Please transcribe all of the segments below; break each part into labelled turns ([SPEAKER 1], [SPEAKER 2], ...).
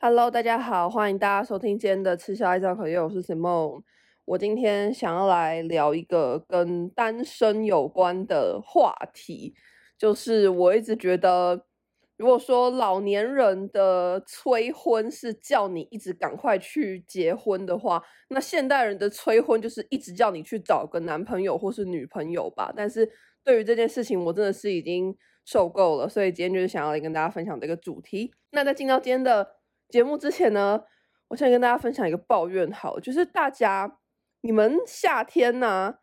[SPEAKER 1] Hello，大家好，歡迎大家收聽今天的《吃宵夜講八卦》，我是 Simon。我今天想要來聊一個跟單身有關的話題，就是我一直覺得，如果說老年人的催婚是叫你一直趕快去結婚的話，那現代人的催婚就是一直叫你去找個男朋友或是女朋友吧。但是對於這件事情，我真的是已經受夠了，所以今天就是想要來跟大家分享這個主題。那在進到今天的節目之前呢，我想跟大家分享一個抱怨。好，就是大家你們夏天呢、啊、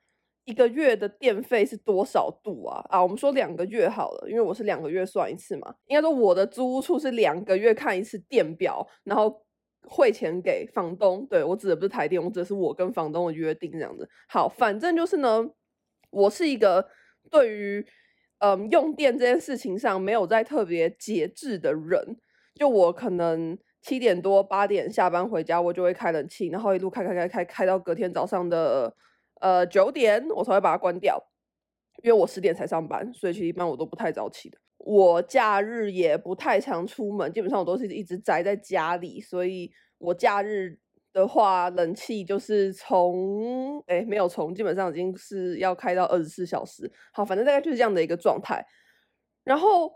[SPEAKER 1] 一個月的電費是多少度啊？啊，我們說兩個月好了，因為我是兩個月算一次嘛。應該說我的租屋處是兩個月看一次電表，然後匯錢給房東。對，我指的不是台電，我指的是我跟房東的約定這樣子。好，反正就是呢，我是一個對於嗯、呃、用電這件事情上沒有在特別節制的人，就我可能。七點多八點下班回家，我就會開冷氣，然後一路開開開開開到隔天早上的呃九點，我才會把它關掉。因為我十點才上班，所以其實一般我都不太早起的。我假日也不太常出門，基本上我都是一直宅在家裡，所以我假日的話，冷氣就是從誒、欸，沒有從，基本上已經是要開到二十四小時。好，反正大概就是這樣的一個狀態，然後。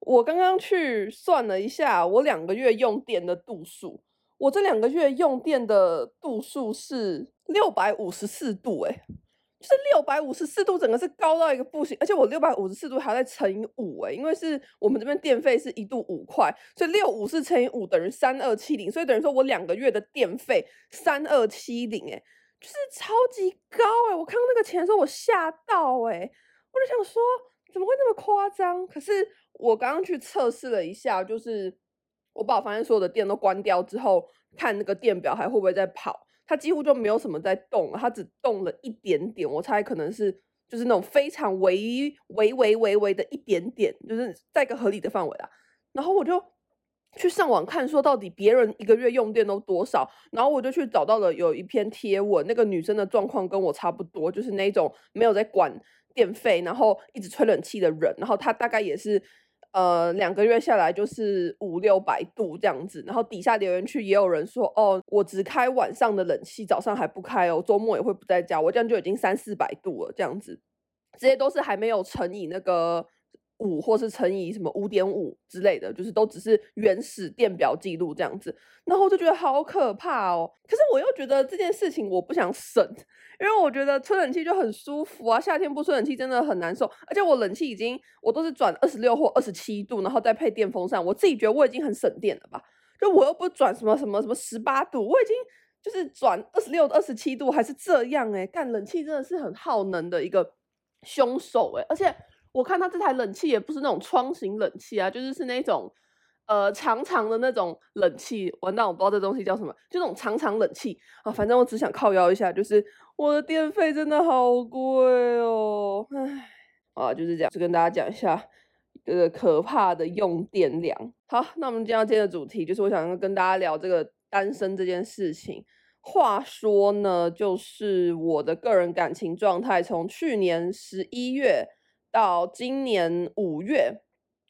[SPEAKER 1] 我剛剛去算了一下，我兩個月用電的度數，我這兩個月用電的度數是六百五十四度，欸，誒，就是六百五十四度，整個是高到一個不行，而且我六百五十四度還在乘以五，誒，因為是我們這邊電費是一度五塊，所以六五四乘以五等於三二七零，所以等於說我兩個月的電費三二七零，誒，就是超級高誒，欸，我看到那個錢的時候我嚇到誒，欸，我就想說。怎麼會那麼誇張？可是我剛剛去測試了一下，就是我把我房間所有的電都關掉之後，看那個電表還會不會在跑，它幾乎就沒有什麼在動，它只動了一點點。我猜可能是就是那種非常微微、微微微微的一點點，就是在一個合理的範圍啦。然後我就去上網看，說到底別人一個月用電都多少，然後我就去找到了有一篇貼文，那個女生的狀況跟我差不多，就是那種沒有在管。電費，然後一直吹冷氣的人，然後他大概也是，呃，兩個月下來就是五六百度這樣子。然後底下留言區也有人說，哦，我只開晚上的冷氣，早上還不開哦，周末也會不在家，我這樣就已經三四百度了這樣子。這些都是還沒有乘以那個。五或是乘以什麼五點五之類的，就是都只是原始電表記錄這樣子，然後就覺得好可怕哦。可是我又覺得這件事情我不想省，因為我覺得吹冷氣就很舒服啊，夏天不吹冷氣真的很難受。而且我冷氣已經我都是轉二十六或二十七度，然後再配電風扇，我自己覺得我已經很省電了吧？就我又不轉什麼什麼什麼十八度，我已經就是轉二十六、二十七度還是這樣欸。但冷氣真的是很耗能的一個兇手欸，而且。我看他這台冷氣也不是那種窗型冷氣啊，就是是那種，呃，長長的那種冷氣。完蛋，我不知道這東西叫什麼，就這種長長冷氣啊。反正我只想靠腰一下，就是我的電費真的好貴哦，唉，啊，就是這樣，就是、跟大家講一下，這個可怕的用電量。好，那我們今天要接的主題就是我想要跟大家聊這個單身這件事情。話說呢，就是我的個人感情狀態從去年十一月。到今年五月，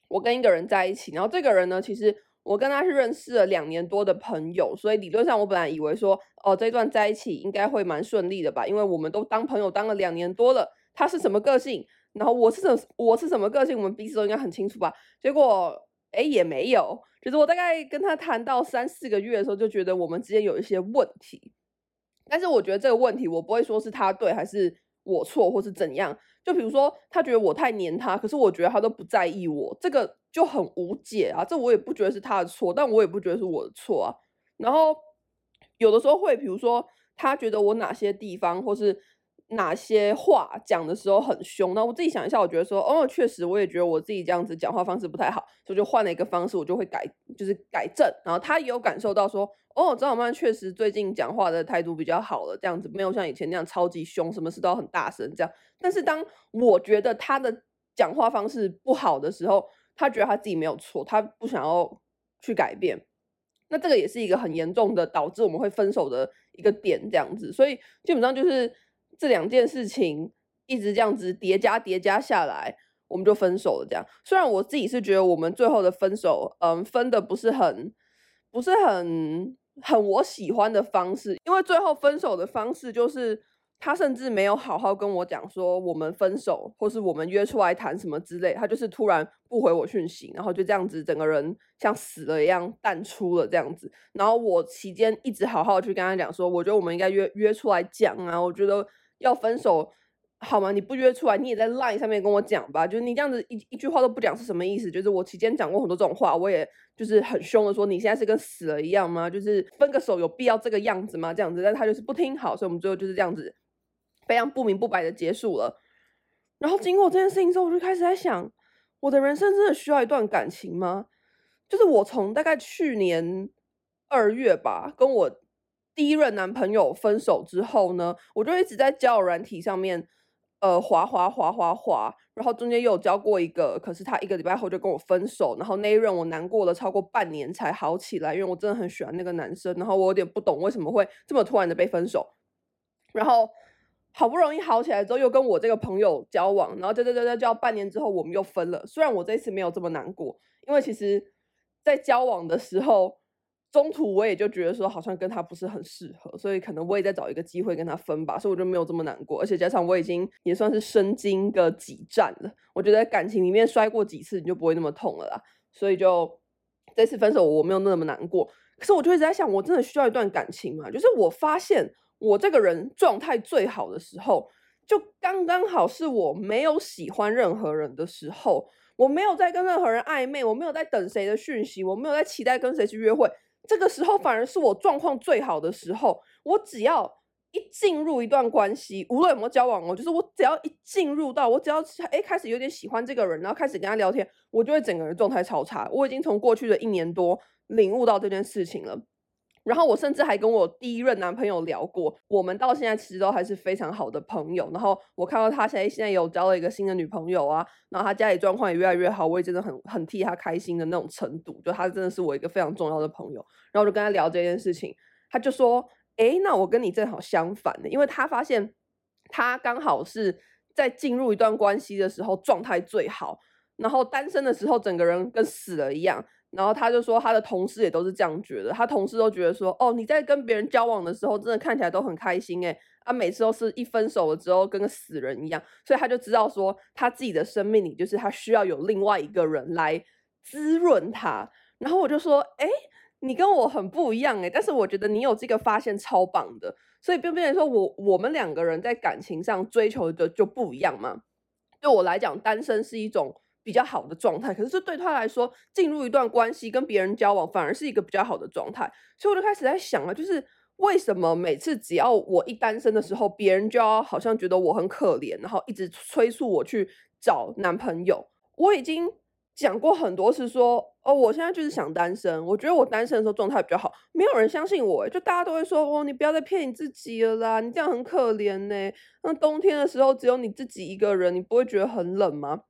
[SPEAKER 1] 我跟一個人在一起，然後這個人呢，其實我跟他是認識了兩年多的朋友，所以理論上我本來以為說，哦，這一段在一起應該會蠻順利的吧，因為我們都當朋友當了兩年多了，他是什麼個性，然後我是什我是什麼個性，我們彼此都應該很清楚吧。結果，哎，也沒有，就是我大概跟他談到三四個月的時候，就覺得我們之間有一些問題，但是我覺得這個問題，我不會說是他對還是我錯，或是怎樣。就比如說，他覺得我太黏他，可是我覺得他都不在意我，這個就很無解啊，這我也不覺得是他的錯，但我也不覺得是我的錯啊。然後有的時候會，比如說他覺得我哪些地方，或是，哪些話講的時候很凶，那我自己想一下，我覺得說，哦，確實，我也覺得我自己這樣子講話方式不太好，所以就換了一個方式，我就會改，就是改正。然後他也有感受到說，哦，張小曼確實最近講話的態度比較好了，這樣子，沒有像以前那樣超級凶，什麼事都要很大聲這樣。但是當我覺得他的講話方式不好的時候，他覺得他自己沒有錯，他不想要去改變。那這個也是一個很嚴重的導致我們會分手的一個點，這樣子。所以基本上就是。這兩件事情一直這樣子疊加疊加下來，我們就分手了這樣。雖然我自己是覺得我們最後的分手，嗯，分得不是很，不是很，很我喜歡的方式，因為最後分手的方式就是他甚至沒有好好跟我講說我們分手，或是我們約出來談什麼之類，他就是突然不回我訊息，然後就這樣子，整個人像死了一樣淡出了這樣子。然後我期間一直好好去跟他講說，我覺得我們應該約約出來講啊，我覺得。要分手好嗎？你不約出來，你也在 Line 上面跟我講吧。就是你這樣子一一句話都不講是什麼意思？就是我期間講過很多這種話，我也就是很凶的說，你現在是跟死了一樣嗎？就是分個手有必要這個樣子嗎？這樣子，但他就是不聽，好，所以我們最後就是這樣子非常不明不白的結束了。然後經過這件事情之後，我就開始在想，我的人生真的需要一段感情嗎？就是我從大概去年二月吧，跟我。第一任男朋友分手之後呢，我就一直在交友軟體上面，呃，滑滑滑滑滑，然後中間又交過一個，可是他一個禮拜後就跟我分手，然後那一任我難過了超過半年才好起來，因為我真的很喜歡那個男生，然後我有點不懂為什麼會這麼突然的被分手，然後好不容易好起來之後又跟我這個朋友交往，然後對對對，就就就這交半年之後我們又分了，雖然我這一次沒有這麼難過，因為其實在交往的時候。中途我也就覺得說，好像跟他不是很適合，所以可能我也在找一個機會跟他分吧，所以我就沒有這麼難過。而且加上我已經也算是身經個幾戰了，我覺得感情裡面摔過幾次，你就不會那麼痛了啦。所以就這次分手我沒有那麼難過。可是我就一直在想，我真的需要一段感情嘛。就是我發現我這個人狀態最好的時候，就剛剛好是我沒有喜歡任何人的時候，我沒有在跟任何人曖昧，我沒有在等誰的訊息，我沒有在期待跟誰去約會。這個時候反而是我狀況最好的時候。我只要一進入一段關係，無論有沒有交往，我就是我只要一進入到，我只要哎，開始有點喜歡這個人，然後開始跟他聊天，我就會整個人狀態超差。我已經從過去的一年多領悟到這件事情了。然後我甚至還跟我第一任男朋友聊過，我們到現在其實都還是非常好的朋友。然後我看到他現在，現在有交了一個新的女朋友啊，然後他家裡狀況也越來越好，我也真的很很替他開心的那種程度，就他真的是我一個非常重要的朋友。然後我就跟他聊這件事情，他就說，哎，那我跟你正好相反的欸，因為他發現他剛好是在進入一段關係的時候狀態最好，然後單身的時候整個人跟死了一樣。然後他就說，他的同事也都是這樣覺得，他同事都覺得說，哦，你在跟別人交往的時候，真的看起來都很開心哎，啊，每次都是一分手了之後，跟個死人一樣，所以他就知道說，他自己的生命裡就是他需要有另外一個人來滋潤他。然後我就說，哎，你跟我很不一樣哎，但是我覺得你有這個發現超棒的。所以變成說我，我我們兩個人在感情上追求的就不一樣嘛。對我來講，單身是一種。比較好的狀態，可是對他來說，進入一段關係，跟別人交往，反而是一個比較好的狀態。所以我就開始在想了、啊，就是為什麼每次只要我一單身的時候，別人就要好像覺得我很可憐，然後一直催促我去找男朋友。我已經講過很多次說，說哦，我現在就是想單身，我覺得我單身的時候狀態比較好。沒有人相信我、欸，就大家都會說哦，你不要再騙你自己了啦，你這樣很可憐呢、欸。那冬天的時候，只有你自己一個人，你不會覺得很冷嗎？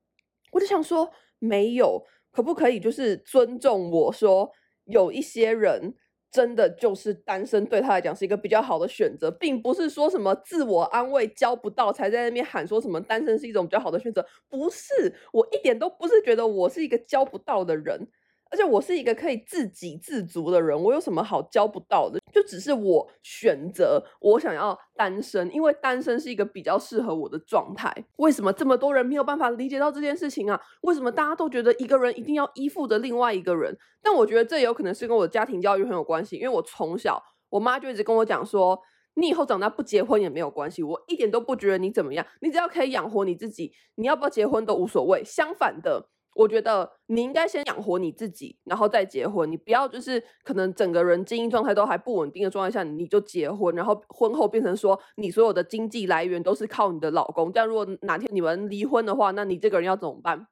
[SPEAKER 1] 我就想說，沒有，可不可以就是尊重我說，有一些人真的就是單身對他來講是一個比較好的選擇，並不是說什麼自我安慰交不到才在那邊喊說什麼單身是一種比較好的選擇，不是，我一點都不是覺得我是一個交不到的人。而且我是一個可以自給自足的人，我有什麼好交不到的？就只是我選擇我想要單身，因為單身是一個比較適合我的狀態。為什麼這麼多人沒有辦法理解到這件事情啊？為什麼大家都覺得一個人一定要依附着另外一個人？但我覺得這有可能是跟我的家庭教育很有關係，因為我從小我媽就一直跟我講說，你以後長大不結婚也沒有關係，我一點都不覺得你怎麼樣，你只要可以養活你自己，你要不要結婚都無所謂，相反的。我覺得你應該先養活你自己，然後再結婚。你不要就是可能整個人經濟狀態都還不穩定的狀態下，你就結婚，然後婚後變成說你所有的經濟來源都是靠你的老公。這樣如果哪天你們離婚的話，那你這個人要怎麼辦？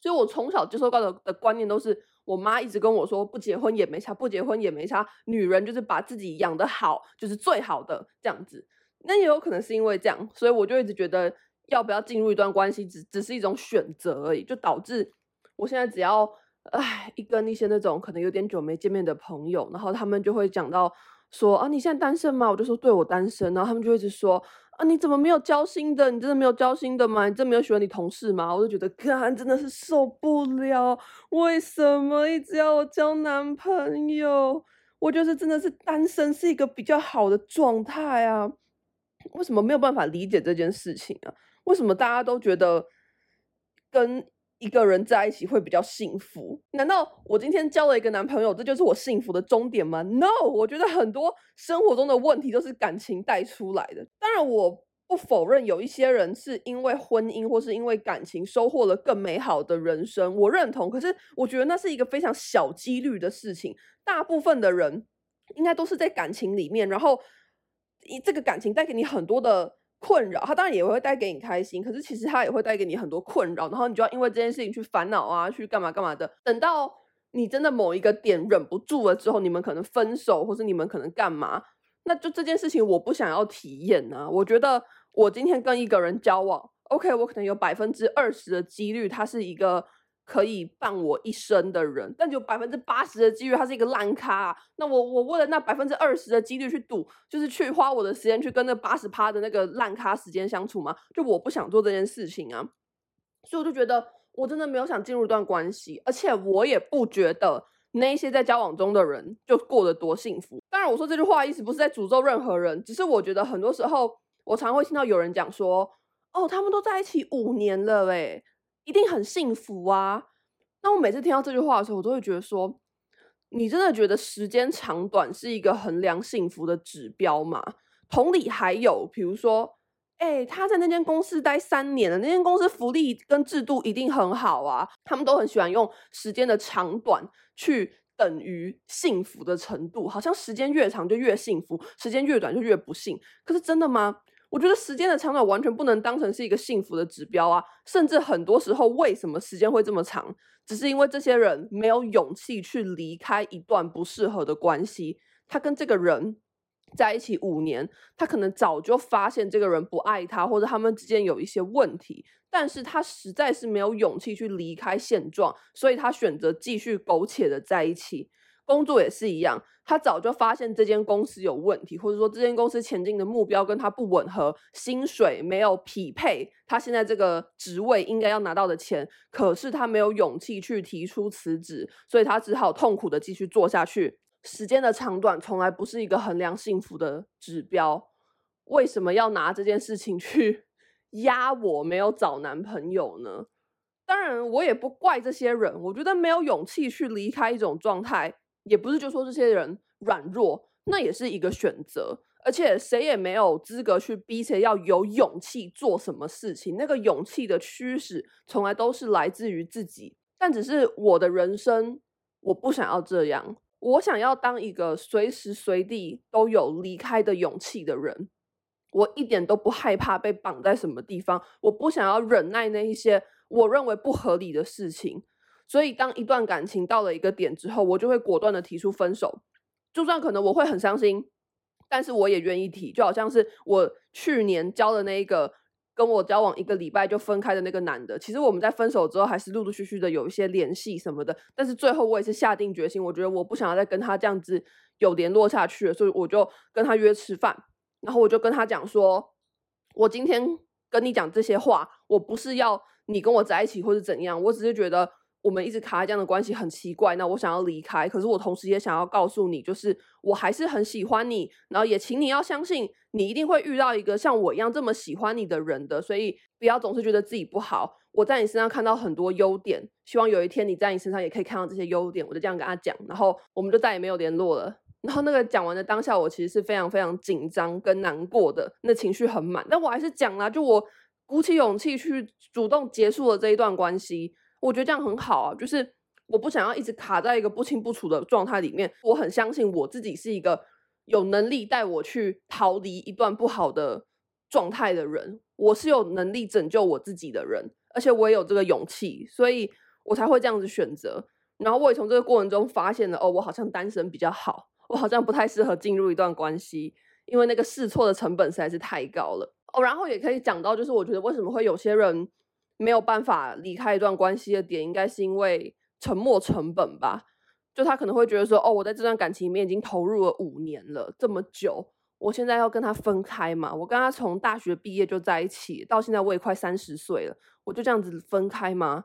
[SPEAKER 1] 所以，我從小接受到的，的觀念都是，我媽一直跟我說，不結婚也沒差，不結婚也沒差，女人就是把自己養得好就是最好的這樣子。那也有可能是因為這樣，所以我就一直覺得。要不要進入一段關係，只只是一種選擇而已，就導致我現在只要唉，一跟那些那種可能有點久沒見面的朋友，然後他們就會講到說啊，你現在單身嗎？我就說對我單身，然後他們就會一直說啊，你怎麼沒有交心的？你真的沒有交心的嗎？你真沒有喜歡你同事嗎？我就覺得，真的真的是受不了，為什麼一直要我交男朋友？我就是真的是單身是一個比較好的狀態啊，為什麼沒有辦法理解這件事情啊？為什麼大家都覺得跟一個人在一起會比較幸福？難道我今天交了一個男朋友，這就是我幸福的終點嗎？No，我覺得很多生活中的問題都是感情帶出來的。當然，我不否認有一些人是因為婚姻或是因為感情收穫了更美好的人生，我認同。可是，我覺得那是一個非常小幾率的事情。大部分的人應該都是在感情裡面，然後以這個感情帶給你很多的。困擾，他當然也會帶給你開心，可是其實他也會帶給你很多困擾，然後你就要因為這件事情去煩惱啊，去幹嘛幹嘛的。等到你真的某一個點忍不住了之後，你們可能分手，或是你們可能幹嘛？那就這件事情我不想要體驗啊！我覺得我今天跟一個人交往，OK，我可能有百分之二十的幾率他是一個。可以伴我一生的人，但只有百分之八十的幾率他是一個爛咖啊。那我我為了那百分之二十的幾率去賭，就是去花我的時間去跟那八十趴的那個爛咖時間相處嗎？就我不想做這件事情啊。所以我就覺得我真的沒有想進入一段關係，而且我也不覺得那一些在交往中的人就過得多幸福。當然，我說這句話的意思不是在詛咒任何人，只是我覺得很多時候我常常會聽到有人講說，哦，他們都在一起五年了欸，哎。一定很幸福啊！那我每次聽到這句話的時候，我都會覺得說，你真的覺得時間長短是一個衡量幸福的指標嗎？同理還有，比如說，誒、欸，他在那間公司待三年了，那間公司福利跟制度一定很好啊。他們都很喜歡用時間的長短去等於幸福的程度，好像時間越長就越幸福，時間越短就越不幸。可是真的嗎？我覺得時間的長短完全不能當成是一個幸福的指標啊，甚至很多時候，為什麼時間會這麼長，只是因為這些人沒有勇氣去離開一段不適合的關係。他跟這個人在一起五年，他可能早就發現這個人不愛他，或者他們之間有一些問題，但是他實在是沒有勇氣去離開現狀，所以他選擇繼續苟且的在一起。工作也是一樣，他早就發現這間公司有問題，或者說這間公司前進的目標跟他不吻合，薪水沒有匹配他現在這個職位應該要拿到的錢，可是他沒有勇氣去提出辭職，所以他只好痛苦地繼續做下去。時間的長短從來不是一個衡量幸福的指標。為什麼要拿這件事情去壓我沒有找男朋友呢？當然我也不怪這些人，我覺得沒有勇氣去離開一種狀態。也不是就說這些人軟弱，那也是一個選擇。而且誰也沒有資格去逼誰要有勇氣做什麼事情。那個勇氣的驅使從來都是來自於自己。但只是我的人生，我不想要這樣。我想要當一個隨時隨地都有離開的勇氣的人。我一點都不害怕被綁在什麼地方。我不想要忍耐那一些我認為不合理的事情。所以，當一段感情到了一個點之後，我就會果斷的提出分手，就算可能我會很傷心，但是我也願意提。就好像是我去年交的那一個，跟我交往一個禮拜就分開的那個男的，其實我們在分手之後還是陸陸續續的有一些聯繫什麼的，但是最後我也是下定決心，我覺得我不想要再跟他這樣子有聯絡下去了，所以我就跟他約吃飯，然後我就跟他講說，我今天跟你講這些話，我不是要你跟我在一起或者怎樣，我只是覺得。我們一直卡在這樣的關係很奇怪，那我想要離開，可是我同時也想要告訴你，就是我還是很喜歡你，然後也請你要相信，你一定會遇到一個像我一樣這麼喜歡你的人的，所以不要總是覺得自己不好，我在你身上看到很多優點，希望有一天你在你身上也可以看到這些優點。我就這樣跟他講，然後我們就再也沒有聯絡了。然後那個講完的當下，我其實是非常非常緊張跟難過的，那情緒很滿，但我還是講了，就我鼓起勇氣去主動結束了這一段關係。我覺得這樣很好啊，就是我不想要一直卡在一個不清不楚的狀態裡面。我很相信我自己是一個有能力帶我去逃離一段不好的狀態的人，我是有能力拯救我自己的人，而且我也有這個勇氣，所以我才會這樣子選擇。然後我也從這個過程中發現了，哦，我好像單身比較好，我好像不太適合進入一段關係，因為那個試錯的成本實在是太高了。哦，然後也可以講到，就是我覺得為什麼會有些人。沒有辦法離開一段關係的點，應該是因為沉沒成本吧？就他可能會覺得說，哦，我在這段感情裡面已經投入了五年了，這麼久，我現在要跟他分開嘛？我跟他從大學畢業就在一起，到現在我也快三十歲了，我就這樣子分開嗎？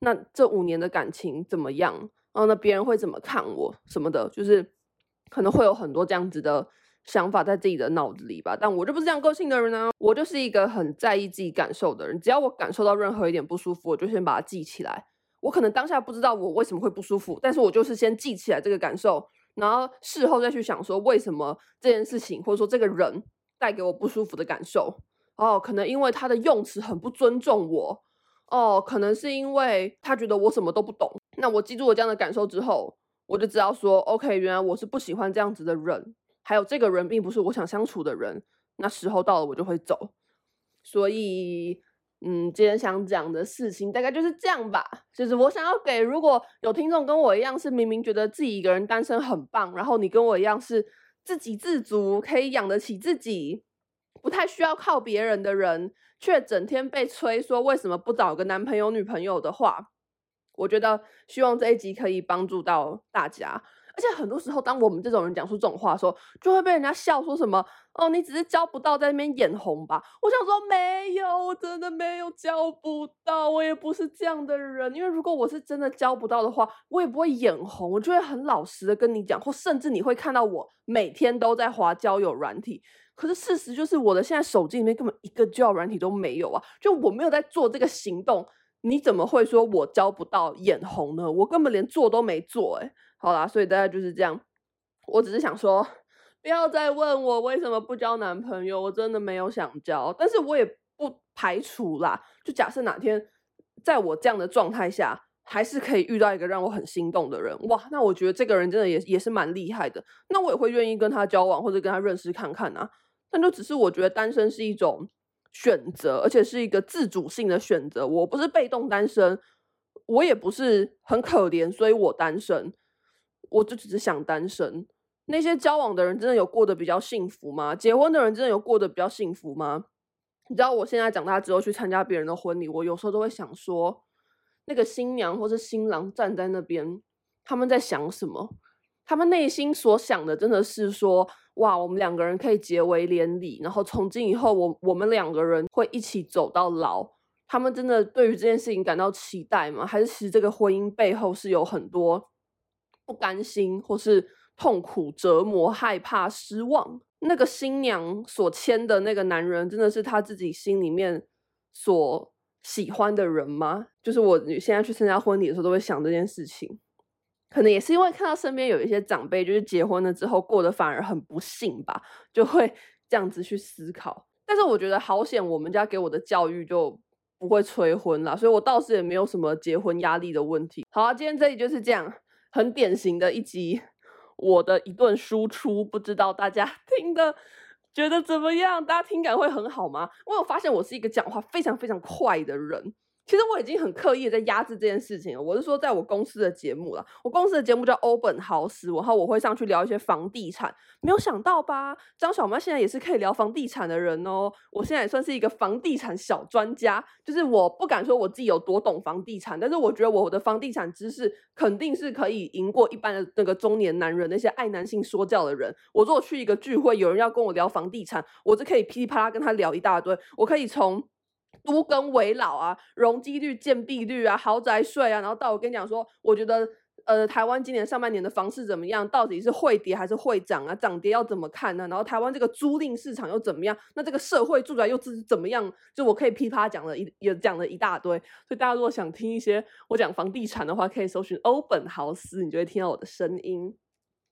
[SPEAKER 1] 那這五年的感情怎麼樣？然後那別人會怎麼看我什麼的？就是可能會有很多這樣子的。想法在自己的腦子裡吧，但我就不是這樣個性的人啊！我就是一個很在意自己感受的人。只要我感受到任何一點不舒服，我就先把它記起來。我可能當下不知道我為什麼會不舒服，但是我就是先記起來這個感受，然後事後再去想說為什麼這件事情或者說這個人帶給我不舒服的感受。哦，可能因為他的用詞很不尊重我。哦，可能是因為他覺得我什麼都不懂。那我記住我這樣的感受之後，我就知道說，OK，原來我是不喜歡這樣子的人。還有，這個人並不是我想相處的人，那時候到了我就會走。所以，嗯，今天想講的事情大概就是這樣吧。就是我想要給，如果有聽眾跟我一樣是明明覺得自己一個人單身很棒，然後你跟我一樣是自給自足，可以養得起自己，不太需要靠別人的人，卻整天被催說為什麼不找個男朋友女朋友的話，我覺得希望這一集可以幫助到大家。而且很多時候，當我們這種人講出這種話的時候，就會被人家笑，說什麼：“哦，你只是交不到，在那邊眼紅吧？”我想說沒有，我真的沒有交不到，我也不是這樣的人。因為如果我是真的交不到的話，我也不會眼紅，我就會很老實的跟你講，或甚至你會看到我每天都在滑交友軟體。可是事實就是，我的現在手機裡面根本一個交友軟體都沒有啊，就我沒有在做這個行動，你怎麼會說我交不到眼紅呢？我根本連做都沒做，欸，誒。好啦，所以大家就是這樣。我只是想說，不要再問我為什麼不交男朋友，我真的沒有想交，但是我也不排除啦。就假設哪天，在我這樣的狀態下，還是可以遇到一個讓我很心動的人。哇，那我覺得這個人真的也也是蠻厲害的，那我也會願意跟他交往或者跟他認識看看啊。但就只是我覺得單身是一種選擇，而且是一個自主性的選擇。我不是被動單身，我也不是很可憐，所以我單身。我就只是想單身。那些交往的人真的有過得比較幸福嗎？結婚的人真的有過得比較幸福嗎？你知道我現在長大之後去參加別人的婚禮，我有時候都會想說，那個新娘或是新郎站在那邊，他們在想什麼？他們內心所想的真的是說，哇，我們兩個人可以結為連理，然後從今以後，我我們兩個人會一起走到老。他們真的對於這件事情感到期待嗎？還是其實這個婚姻背後是有很多。不甘心，或是痛苦、折磨、害怕、失望，那個新娘所牽的那個男人，真的是他自己心裡面所喜歡的人嗎？就是我現在去參加婚禮的時候，都會想這件事情。可能也是因為看到身邊有一些長輩，就是結婚了之後過得反而很不幸吧，就會這樣子去思考。但是我覺得好險，我們家給我的教育就不會催婚了，所以我倒是也沒有什麼結婚壓力的問題。好啊，今天這裡就是這樣。很典型的一集，我的一段輸出，不知道大家聽的覺得怎麼樣？大家聽感會很好嗎？我有發現，我是一個講話非常非常快的人。其實我已經很刻意地在壓制這件事情了。我是說，在我公司的節目了，我公司的節目叫 Open House，然後我會上去聊一些房地產。沒有想到吧？張小貓現在也是可以聊房地產的人哦。我現在也算是一個房地產小專家。就是我不敢說我自己有多懂房地產，但是我覺得我的房地產知識肯定是可以贏過一般的那個中年男人，那些愛男性說教的人。我如果去一個聚會，有人要跟我聊房地產，我就可以噼裡啪啦跟他聊一大堆。我可以從都更危老啊，容積率、建蔽率啊，豪宅稅啊，然後到我跟你講說，我覺得呃，台灣今年上半年的房市怎麼樣？到底是會跌還是會漲啊？漲跌要怎麼看呢、啊？然後台灣這個租賃市場又怎麼樣？那這個社會住宅又是怎麼樣？就我可以噼啪講了一，也講了一大堆。所以大家如果想聽一些我講房地產的話，可以搜尋歐本豪斯，你就會聽到我的聲音。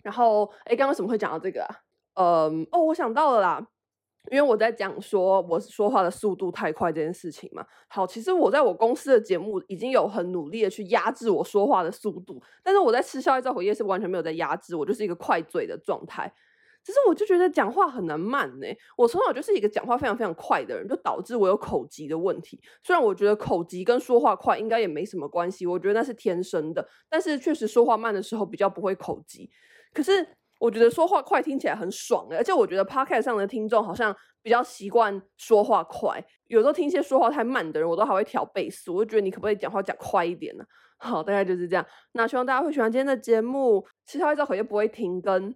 [SPEAKER 1] 然後，哎，剛剛為什麼會講到這個、啊？嗯，哦，我想到了啦。因為我在講說我說話的速度太快這件事情嘛，好，其實我在我公司的節目已經有很努力的去壓制我說話的速度，但是我在吃宵夜招魂夜是完全沒有在壓制我，我就是一個快嘴的狀態。只是我就覺得講話很難慢呢、欸，我從小就是一個講話非常非常快的人，就導致我有口吃的問題。雖然我覺得口吃跟說話快應該也沒什麼關係，我覺得那是天生的，但是確實說話慢的時候比較不會口吃。可是。我覺得說話快聽起來很爽，而且我覺得 Podcast 上的聽眾好像比較習慣說話快。有時候聽一些說話太慢的人，我都還會調倍速。我就覺得你可不可以講話講快一點呢、啊？好，大概就是這樣。那希望大家會喜歡今天的節目。其實我照合約不會停更，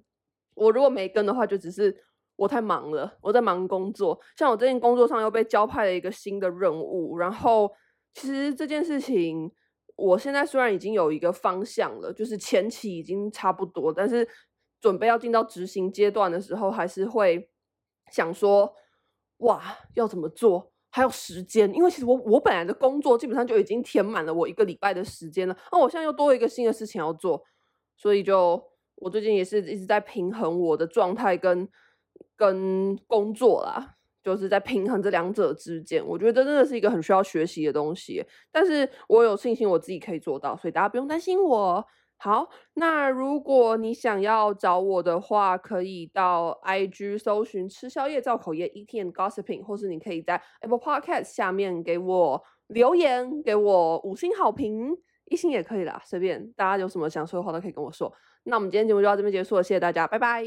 [SPEAKER 1] 我如果沒更的話，就只是我太忙了，我在忙工作。像我最近工作上又被交派了一個新的任務，然後其實這件事情，我現在雖然已經有一個方向了，就是前期已經差不多，但是，準備要進到執行階段的時候，還是會想說，哇，要怎麼做？還有時間？因為其實我我本來的工作基本上就已經填滿了我一個禮拜的時間了。那我現在又多一個新的事情要做，所以就我最近也是一直在平衡我的狀態跟跟工作啦，就是在平衡這兩者之間。我覺得真的是一個很需要學習的東西，但是我有信心我自己可以做到，所以大家不用擔心我。好，那如果你想要找我的話，可以到 I G 搜尋“吃宵夜造口業 Eating and Gossiping”，或是你可以在 Apple Podcast 下面給我留言，給我五星好評，一星也可以啦，隨便。大家有什麼想說的話都可以跟我說。那我們今天節目就到這邊結束了，謝謝大家，拜拜。